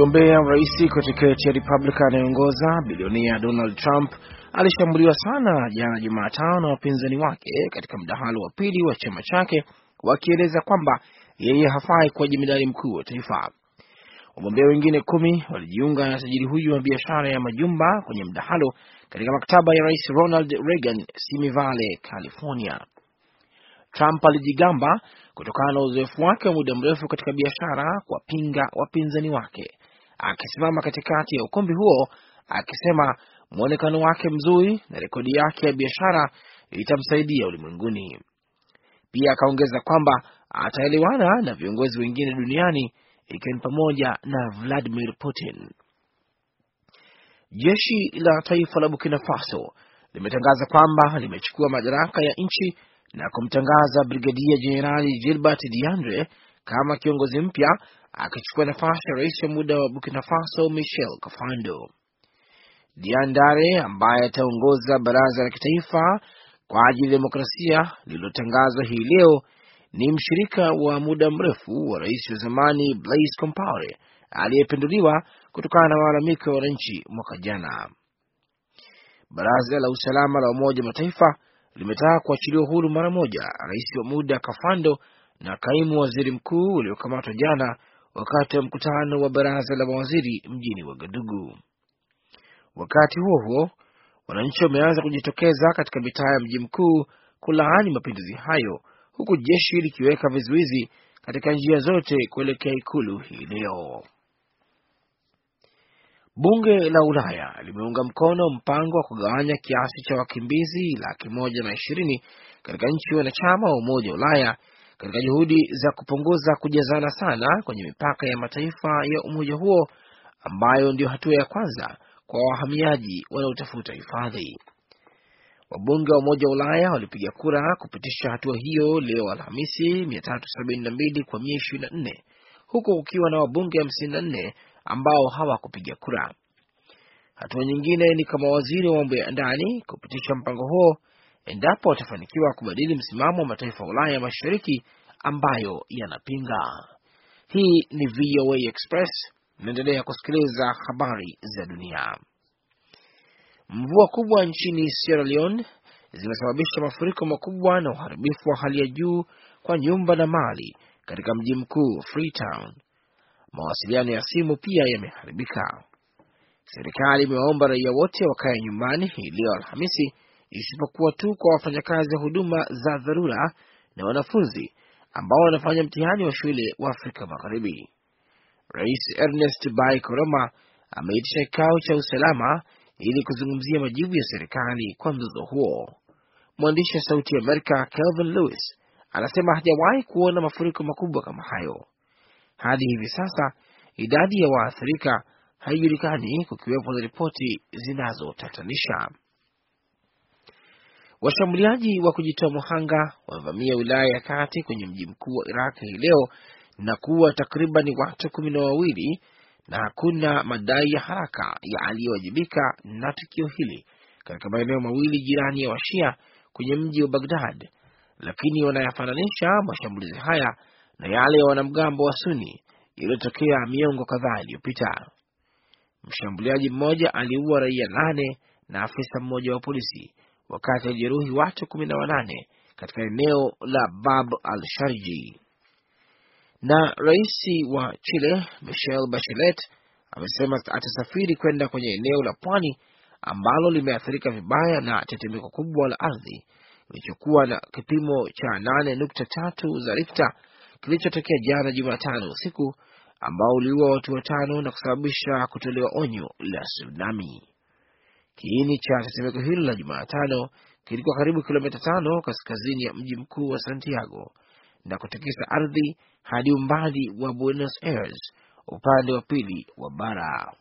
mgombea urais kwa tiketi ya Republican anayeongoza bilionia Donald Trump alishambuliwa sana jana Jumatano na wapinzani wake katika mdahalo wa pili wa chama chake, wakieleza kwamba yeye hafai kuwa jemedari mkuu wa taifa. Wagombea wengine kumi walijiunga na tajiri huyu wa biashara ya majumba kwenye mdahalo katika maktaba ya rais Ronald Reagan, Simi Valley, California. Trump alijigamba kutokana na uzoefu wake wa muda mrefu katika biashara kuwapinga wapinzani wake akisimama katikati ya ukumbi huo akisema mwonekano wake mzuri na rekodi yake ya biashara itamsaidia ulimwenguni. Pia akaongeza kwamba ataelewana na viongozi wengine duniani ikiwa ni pamoja na Vladimir Putin. Jeshi la taifa la Burkina Faso limetangaza kwamba limechukua madaraka ya nchi na kumtangaza Brigadia Jenerali Gilbert Diandre kama kiongozi mpya akichukua nafasi ya rais wa muda wa Burkina Faso Michel Kafando. Diandare ambaye ataongoza baraza la kitaifa kwa ajili ya demokrasia lililotangazwa hii leo ni mshirika wa muda mrefu wa rais wa zamani Blaise Compaore aliyepinduliwa kutokana na malalamiko ya wananchi mwaka jana. Baraza la usalama la Umoja Mataifa limetaka kuachiliwa huru mara moja rais wa muda Kafando na kaimu waziri mkuu uliokamatwa jana wakati wa mkutano wa baraza la mawaziri mjini Wagadugu. Wakati huo huo, wananchi wameanza kujitokeza katika mitaa ya mji mkuu kulaani mapinduzi hayo, huku jeshi likiweka vizuizi katika njia zote kuelekea ikulu hii leo. Bunge la Ulaya limeunga mkono mpango wa kugawanya kiasi cha wakimbizi laki moja na ishirini katika nchi wanachama wa Umoja wa Ulaya katika juhudi za kupunguza kujazana sana kwenye mipaka ya mataifa ya umoja huo ambayo ndiyo hatua ya kwanza kwa wahamiaji wanaotafuta hifadhi. Wabunge wa Umoja wa Ulaya walipiga kura kupitisha hatua hiyo leo Alhamisi, 372 kwa 124 huku kukiwa na wabunge 54 ambao hawakupiga kura. Hatua nyingine ni kama waziri wa mambo ya ndani kupitisha mpango huo endapo watafanikiwa kubadili msimamo wa mataifa ya Ulaya Mashariki ambayo yanapinga. Hii ni VOA Express, naendelea kusikiliza habari za dunia. Mvua kubwa nchini Sierra Leone zimesababisha mafuriko makubwa na uharibifu wa hali ya juu kwa nyumba na mali katika mji mkuu Freetown. Mawasiliano ya simu pia yameharibika. Serikali imewaomba raia wote wakae nyumbani hii leo Alhamisi isipokuwa tu kwa wafanyakazi wa huduma za dharura na wanafunzi ambao wanafanya mtihani wa shule wa Afrika Magharibi. Rais Ernest Bai Koroma ameitisha kikao cha usalama ili kuzungumzia majibu ya serikali kwa mzozo huo. Mwandishi wa Sauti ya Amerika Kelvin Lewis anasema hajawahi kuona mafuriko makubwa kama hayo. Hadi hivi sasa idadi ya waathirika haijulikani, kukiwepo na ripoti zinazotatanisha. Washambuliaji wa kujitoa muhanga wamevamia wilaya ya kati kwenye mji mkuu wa Iraq hii leo na kuwa takriban watu kumi na wawili, na hakuna madai ya haraka ya aliyowajibika na tukio hili katika maeneo mawili jirani ya Washia kwenye mji wa Bagdad, lakini wanayafananisha mashambulizi haya na yale ya wanamgambo wa Suni yaliyotokea miongo kadhaa iliyopita. Mshambuliaji mmoja aliua raia nane na afisa mmoja wa polisi wakati alijeruhi watu kumi na wanane katika eneo la Bab al Sharji. Na rais wa Chile Michelle Bachelet amesema atasafiri kwenda kwenye eneo la pwani ambalo limeathirika vibaya na tetemeko kubwa la ardhi ilichokuwa na kipimo cha tatu za rikta kilichotokea jana Jumatano usiku ambao uliua watu watano na kusababisha kutolewa onyo la tsunami. Kiini cha tetemeko hilo la Jumatano kilikuwa karibu kilomita tano kaskazini ya mji mkuu wa Santiago na kutikisa ardhi hadi umbali wa Buenos Aires upande wa pili wa bara.